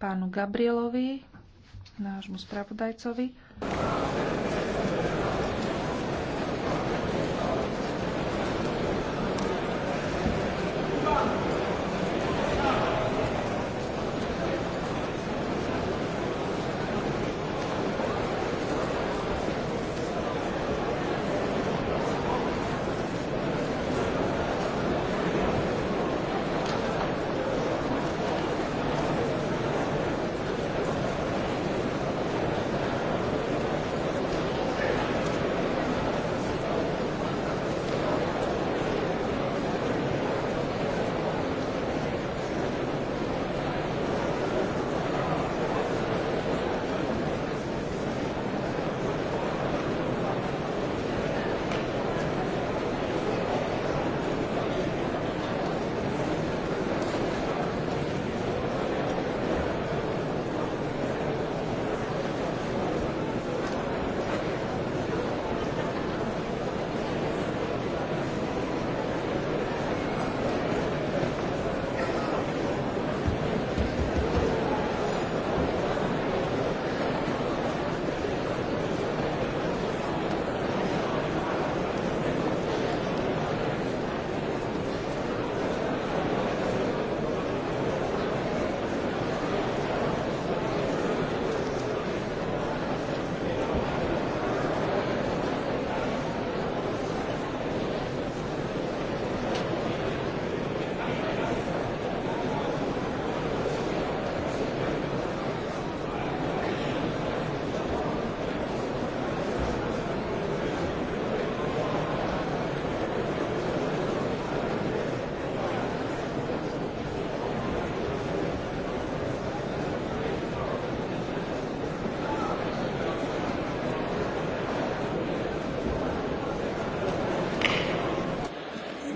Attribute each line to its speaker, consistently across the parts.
Speaker 1: pánu Gabrielovi, nášmu spravodajcovi.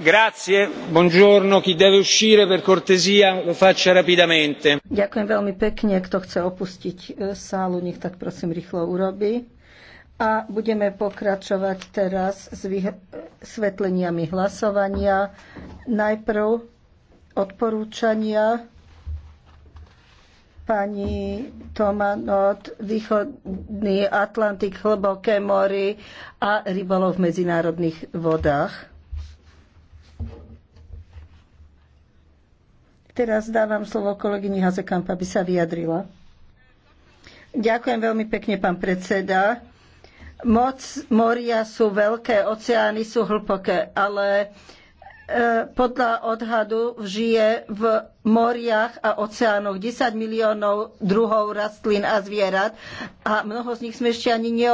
Speaker 2: Grazie, buongiorno, chi deve uscire per cortesia lo faccia rapidamente.
Speaker 1: Ďakujem veľmi pekne, kto chce opustiť e, sálu, nech tak prosím rýchlo urobí. A budeme pokračovať teraz s vysvetleniami hlasovania. Najprv odporúčania pani Tomanot, východný Atlantik, hlboké mori a rybolov v medzinárodných vodách. Teraz dávam slovo kolegyni Hazekamp, aby sa vyjadrila. Ďakujem veľmi pekne, pán predseda. Moc moria sú veľké, oceány sú hlboké, ale e, podľa odhadu žije v moriach a oceánoch 10 miliónov druhov rastlín a zvierat a mnoho z nich sme ešte ani neob-